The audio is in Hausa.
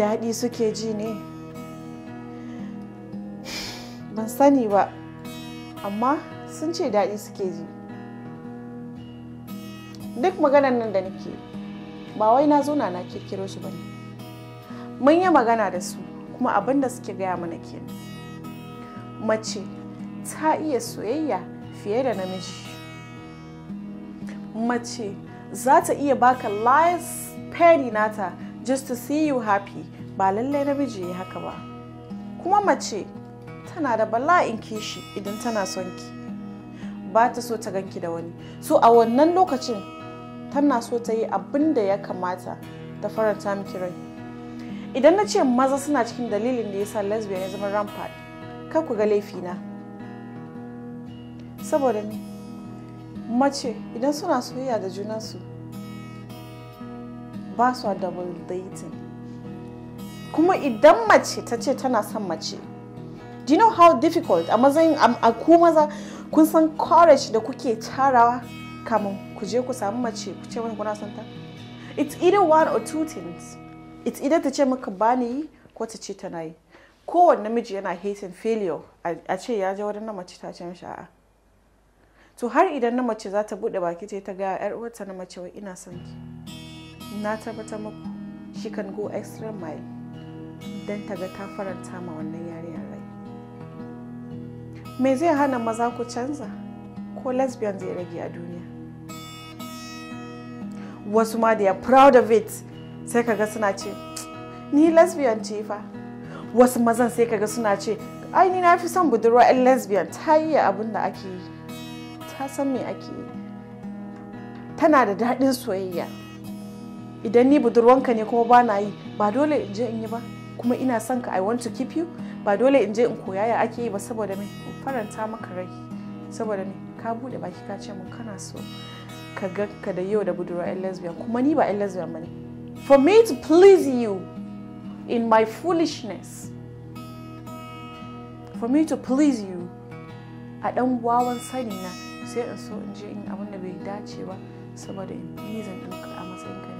daɗi suke ji ne ban sani ba amma sun ce daɗi suke ji duk maganan nan da nake ba wai na zo na na kirkiro su bane mun yi magana da su kuma abin da suke gaya mana ke mace ta iya soyayya fiye da namiji mace za ta iya baka lies peri nata just to see you happy ba lallai namiji ya haka ba kuma mace tana da bala'in kishi idan tana son ki ba ta so ta ganki da wani so a wannan lokacin tana so ta yi abin da ya kamata ta faranta miki rai idan na ce maza suna cikin dalilin da ya sa lesbian ya zama rampart kar ku ga laifina saboda ne mace idan suna soyayya da junansu ba su double dating kuma idan mace ta ce tana son mace do you know how difficult a matsayin a ku maza kun san courage da kuke tarawa kamun ku je ku samu mace ku ce mata kuna son ta it's either one or two things it's either ta ce maka bani ni ko ta ce tana yi kowane namiji yana hating failure a ce ya je wadannan mace ta ce mishi a'a to har idan na mace za ta bude baki ce ta ga yar uwarta na mace wai ina son ki na tabbatar muku she can go extra mile don ta ga ta faranta ma wannan yarinyar rai me zai hana maza ku canza ko lesbian zai rage a duniya wasu ma da ya proud of it sai kaga suna ce ni lesbian ce fa wasu mazan sai kaga suna ce ai ni na fi son budurwa 'yan lesbian ta yi abin da ake yi ta san me ake yi tana da daɗin soyayya idan ni budurwanka ne kuma ba na yi ba dole in je in yi ba kuma ina son ka i want to keep you ba dole in je in koya ya ake yi ba saboda mai faranta maka rai saboda mai ka bude baki ka ce mun kana so ka ga ka da yau da budurwa yan lesbian kuma ni ba yan lesbian bane for me to please you in my foolishness for me to please you a dan wawan sani na sai in so in je in abin da bai dace ba saboda in please in a matsayin ka